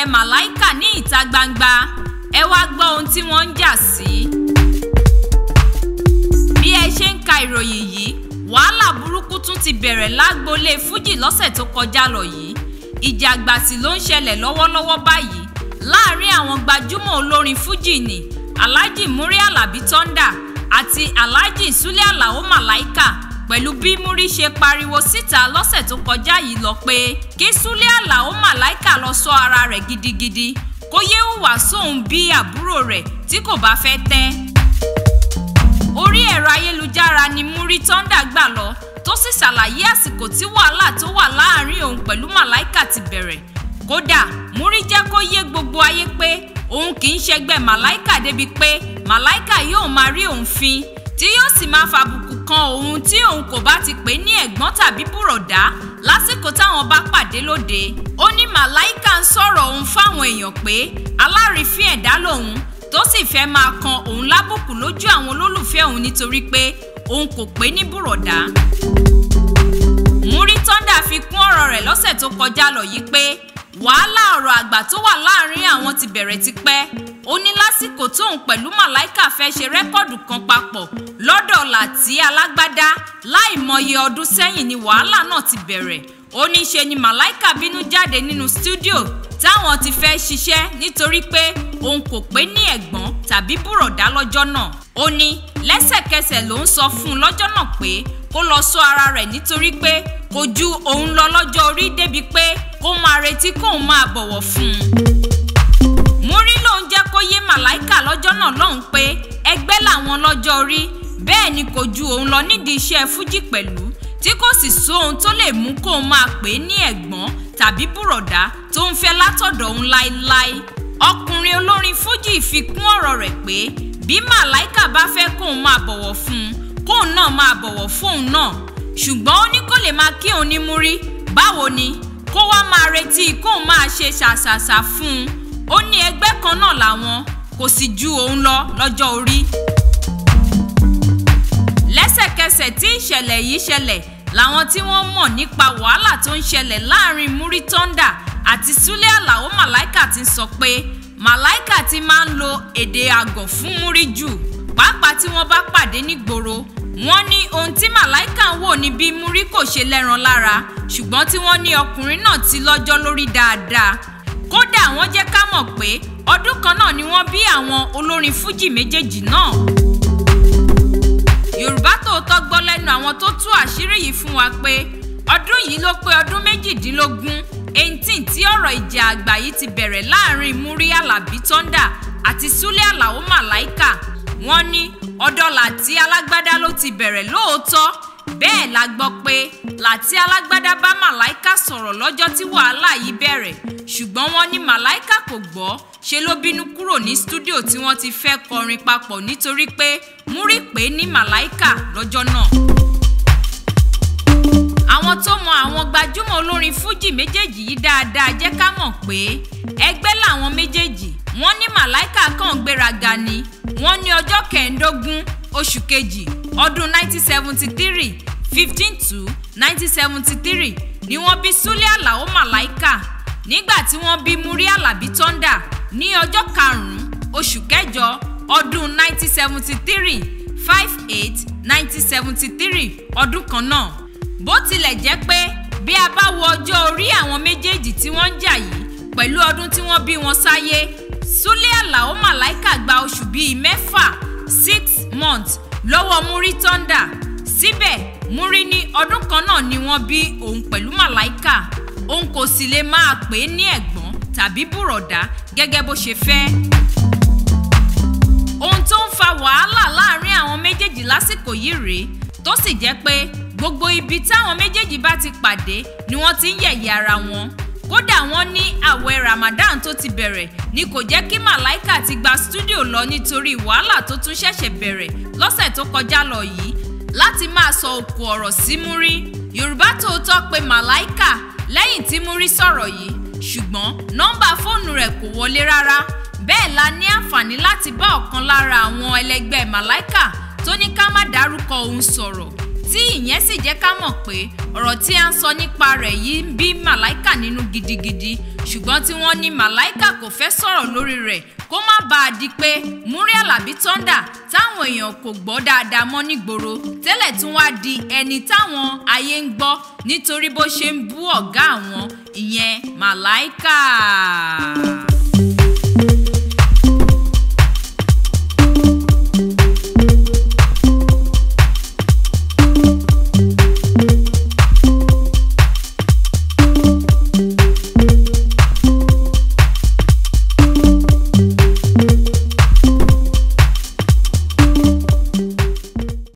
ayẹyẹ màláìkà ní ìta gbangba ẹ wá gbọ́ ohun tí wọ́n ń jà sí. bí ẹ ṣe ń ka ìròyìn yìí wàhálà burúkú tún ti bẹ̀rẹ̀ lágboolé fújì lọ́sẹ̀ tó kọjá lọ yìí ìjà àgbàsì ló ń ṣẹlẹ̀ lọ́wọ́lọ́wọ́ báyìí láàárín àwọn gbajúmọ̀ olórin fújì ni alhaji muri alabi thunder àti alhaji sule alao malaika pẹ̀lú bí Muri ṣe pariwo síta lọ́sẹ̀ tó kọjá yìí lọ pé kí Súlé Àlàó Màláìkà lọ sọ ara rẹ̀ gidigidi kó yé hùwà sóun bí àbúrò rẹ̀ tí kò bá fẹ́ tẹ́. orí ẹ̀rọ ayélujára ni Muri Thunder gbà lọ tó sì ṣàlàyé àsìkò tí wàhálà tó wà láàárín òun pẹ̀lú Màláìkà ti bẹ̀rẹ̀ kódà Muri jẹ́ kó yé gbogbo ayé pé òun kì í ṣẹgbẹ́ Màláìkà débi pé Màláìkà yóò máa rí òun fin tí yóò sì máa fàbùkù kan òun tí òun kò bá ti pè ní ẹ̀gbọ́n tàbí bùrọ̀dá lásìkò táwọn bá pàdé lóde ó ní màláìka ń sọ̀rọ̀ òun fáwọn èèyàn pé alárìífín ẹ̀dá lòun tó sì fẹ́ máa kan òun lábùkù lójú àwọn olólùfẹ́ òun nítorí pé òun kò pè ní bùrọ̀dá. Muri Thunder fi kún ọ̀rọ̀ rẹ̀ lọ́sẹ̀ tó kọjá lọ yìí pé wàhálà ọ̀rọ̀ àgbà tó wà láàrin àwọn ti bẹ̀rẹ̀ tipẹ́ ó ní lásìkò tóun pẹ̀lú màláìkà fẹ́ ṣe rẹ́kọ̀dù kan papọ̀ lọ́dọ̀ Láti Alágbádá láìmọye ọdún sẹ́yìn ni wàhálà náà ti bẹ̀rẹ̀ ó ní ṣe ni màláìkà bínú jáde nínú stúdíò táwọn ti fẹ́ ṣiṣẹ́ nítorí pé òun kò pé ní ẹ̀gbọ́n tàbí bùrọ̀dá lọ́jọ́ náà ó ní lẹ́sẹ̀kẹsẹ̀ ló ń sọ fún un lọ́jọ́ náà pé kó lọ sọ ara rẹ̀ nítorí pé kò ju òun lọ lọ́jọ́ orí débi pé kó máa retí kóun máa bọ̀wọ̀ fún un màláìkà lọ́jọ́ náà lọ́hùn pé ẹgbẹ́ làwọn lọ́jọ́ rí bẹ́ẹ̀ ni kò ju òun lọ nídìí iṣẹ́ fújì pẹ̀lú tí kò sì sóhun tó lè mú kóun máa pè é ní ẹ̀gbọ́n tàbí bùrọ̀dá tó ń fẹ́ látọ̀dọ̀ òun láéláé ọkùnrin olórin fújì fi kún ọ̀rọ̀ rẹ̀ pé bí màláìkà bá fẹ́ kóun máa bọ̀wọ̀ fún un kóun náà máa bọ̀wọ̀ fóun náà ṣùgbọ́n ó ní kó lè máa kí òun ní múrí báwo ni kó wá máa retí kóun máa ṣe ṣàṣàṣà fún un ó ní ẹgbẹ́ kan náà làwọn kò sì ju òun lọ lọ́jọ́ orí. lẹ́sẹ̀kẹsẹ̀ tí ìṣẹ̀lẹ̀ yìí ṣẹlẹ̀ làwọn tí wọ́n mọ̀ nípa wàhálà tó ń ṣẹlẹ̀ láàrin Múrítọ́ndà àti Súlé Àlàó Màláìkà ti sọ pé Màláìkà ti máa ń lo èdè àgọ̀ fún Múrí jù pàápàá tí wọ́n bá pàdé nígboro wọ́n ní ohun tí Màláìkà ń wò ní bí Múrí kò ṣe lẹ́ran lára ṣùgbọ́n tí wọ́n ní ọkùnrin náà ti lọ́jọ́ lórí dáadáa kódà wọ́n jẹ́ ká mọ̀ pé ọdún kan náà ni wọ́n bí àwọn olórin fújì méjèèjì náà. Yorùbá Tòótọ́ gbọ́ lẹ́nu àwọn tó tú àṣírí yìí fún wa pé ọdún yìí ló pé ọdún méjìdínlógún eighteen tí ọ̀rọ̀ ìjà àgbà yìí ti bẹ̀rẹ̀ láàrin Múrí Àlàbí Thunder àti Súlé Àlàó Màláìkà wọ́n ní ọ̀dọ́là tí alágbádá ló ti bẹ̀rẹ̀ lóòótọ́ bẹ́ẹ̀ la gbọ́ pé láti alágbádá bá màláìka sọ̀rọ̀ lọ́jọ́ tí wàhálà yìí bẹ̀rẹ̀ ṣùgbọ́n wọ́n ní màláìka kò gbọ́ ṣe ló bínú kúrò ní stúdíò tí wọ́n ti fẹ́ kọrin papọ̀ nítorí pé múrípé ní màláìka lọ́jọ́ náà àwọn tó mọ àwọn gbajúmọ̀ olórin fújì méjèèjì yìí dáadáa jẹ́ ká mọ̀ pé ẹgbẹ́ làwọn méjèèjì wọ́n ní màláìka kàn gbéraga ni wọ́n ní ọjọ́ kẹẹ̀ẹ́dógún oṣù kejì ọdún 1973 fifteen two nineteen seventy three ni wọ́n bí Súlé Àlàó Màláíkà nígbà tí wọ́n bí Múrí Àlàbí Tọ́ndà ní ọjọ́ karùn-ún oṣù kẹjọ ọdún nineteen seventy three five eight nineteen seventy three ọdún kan náà bó tilẹ̀ jẹ́ pé bí a bá wo ọjọ́ orí àwọn méjèèjì tí wọ́n ń jà yìí pẹ̀lú ọdún tí wọ́n bí wọn sáyé Súlé Àlàó Màláíkà gba oṣù bíi mẹ́fà six months lọ́wọ́ Muri Thunder síbẹ̀ Muri ní ọdún kan náà ni wọ́n bí òun pẹ̀lú Màláìkà òun kò sì lè máa pè é ní ẹ̀gbọ́n tàbí bùrọ̀dá gẹ́gẹ́ bó ṣe fẹ́. ohun tó ń fa wàhálà láàrin àwọn méjèèjì lásìkò yìí rèé tó sì jẹ́ pé gbogbo ibi táwọn méjèèjì bá ti pàdé ni wọ́n ti ń yẹ̀yẹ́ ara wọn kódà wọ́n ní àwẹ̀ Ramadan tó ti bẹ̀rẹ̀ ni kò jẹ́ kí Màláìkà ti gba stúdíò lọ nítorí wàhálà tó tún ṣẹ̀ṣẹ̀ bẹ̀rẹ̀ lọ́sẹ̀ tó kọjá lọ yìí láti máa sọ òkú ọ̀rọ̀ sí Múrí Yorùbá Tòótọ́ pé Màláìkà lẹ́yìn tí Múrí sọ̀rọ̀ yìí ṣùgbọ́n nọ́mbà fóònù rẹ̀ kò wọlé rárá bẹ́ẹ̀ la ní àǹfààní láti bá ọ̀kan lára àwọn ẹlẹgbẹ́ Màláìkà tó ní ká má dárúkọ òun sọ̀rọ̀ tí ìyẹn sì jẹ́ ká mọ̀ pé ọ̀rọ̀ tí a ń sọ nípa rẹ̀ yìí ń bí màláìkà nínú gidigidi ṣùgbọ́n tí wọ́n ní màláìkà kò fẹ́ sọ̀rọ̀ lórí rẹ̀ kó má bàa di pé Múrí Àlàbí Tọ́ndà táwọn èèyàn kò gbọ́ dáadáa mọ́ nígboro tẹ́lẹ̀ tún wá di ẹni táwọn ayé ń gbọ́ nítorí bó ṣe ń bú ọ̀gá àwọn ìyẹn màláìkà.